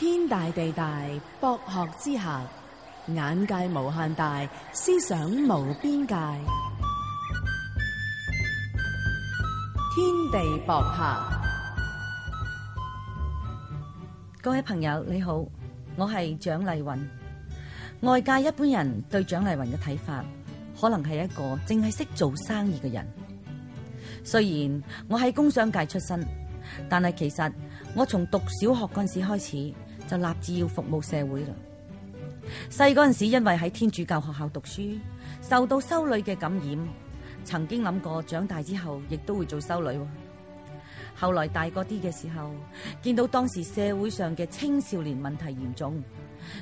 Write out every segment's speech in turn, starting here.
天大地大，博學之下，眼界無限大，思想無邊界。天地博客，各位朋友你好，我係蔣麗芸。外界一般人對蔣麗芸嘅睇法，可能係一個淨係識做生意嘅人。雖然我喺工商界出身，但係其實我從讀小學嗰陣時開始。就立志要服務社會啦。細嗰陣時，因為喺天主教學校讀書，受到修女嘅感染，曾經諗過長大之後亦都會做修女。後來大個啲嘅時候，見到當時社會上嘅青少年問題嚴重，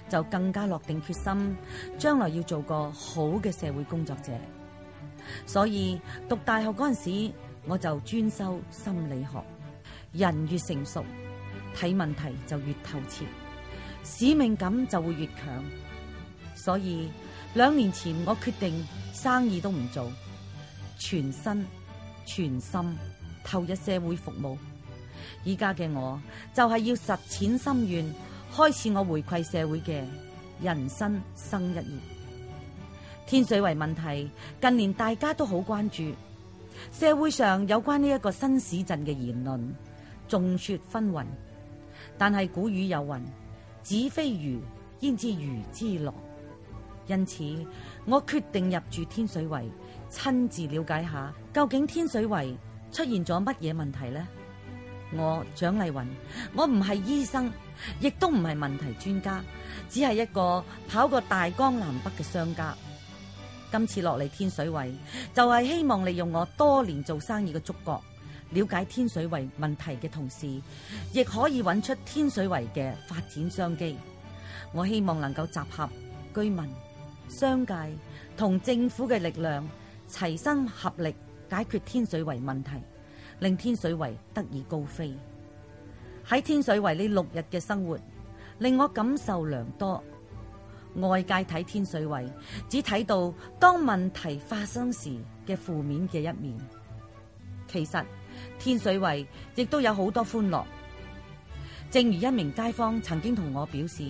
就更加落定決心，將來要做個好嘅社會工作者。所以讀大學嗰陣時，我就專修心理學，人越成熟，睇問題就越透徹，使命感就會越強。所以兩年前我決定生意都唔做，全身全心投入社會服務。依家嘅我就係、是、要實踐心願，開始我回饋社會嘅人生新一頁。天水圍問題近年大家都好關注，社會上有關呢一個新市鎮嘅言論眾說紛紜。但係古語有云：子非魚，焉知魚之樂？因此，我決定入住天水圍，親自了解下究竟天水圍出現咗乜嘢問題呢？我蔣麗芸，我唔係醫生，亦都唔係問題專家，只係一個跑過大江南北嘅商家。今次落嚟天水圍，就係希望利用我多年做生意嘅觸覺。了解天水圍問題嘅同時，亦可以揾出天水圍嘅發展商機。我希望能夠集合居民、商界同政府嘅力量，齊心合力解決天水圍問題，令天水圍得以高飛。喺天水圍呢六日嘅生活，令我感受良多。外界睇天水圍，只睇到當問題發生時嘅負面嘅一面，其實。天水圍亦都有好多歡樂，正如一名街坊曾經同我表示，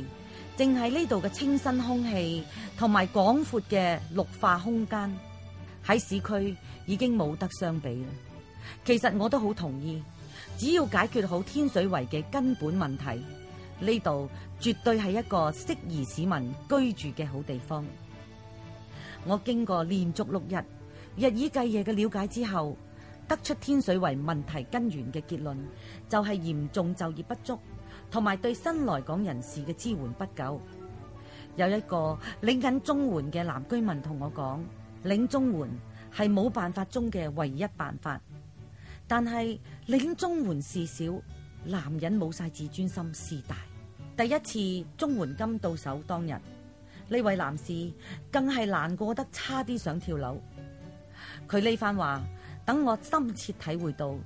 淨係呢度嘅清新空氣同埋廣闊嘅綠化空間，喺市區已經冇得相比啦。其實我都好同意，只要解決好天水圍嘅根本問題，呢度絕對係一個適宜市民居住嘅好地方。我經過連續六日日以繼夜嘅了解之後。得出天水圍問題根源嘅結論，就係、是、嚴重就業不足，同埋對新來港人士嘅支援不夠。有一個領緊綜援嘅男居民同我講，領綜援係冇辦法中嘅唯一辦法，但係領綜援事小，男人冇晒自尊心事大。第一次綜援金到手當日，呢位男士更係難過得差啲想跳樓。佢呢番話。等我深切體會到，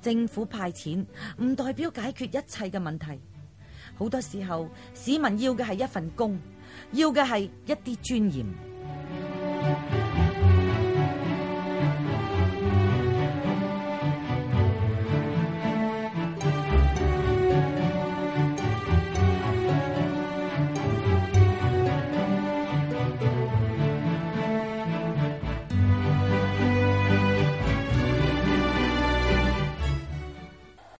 政府派錢唔代表解決一切嘅問題，好多時候市民要嘅係一份工，要嘅係一啲尊嚴。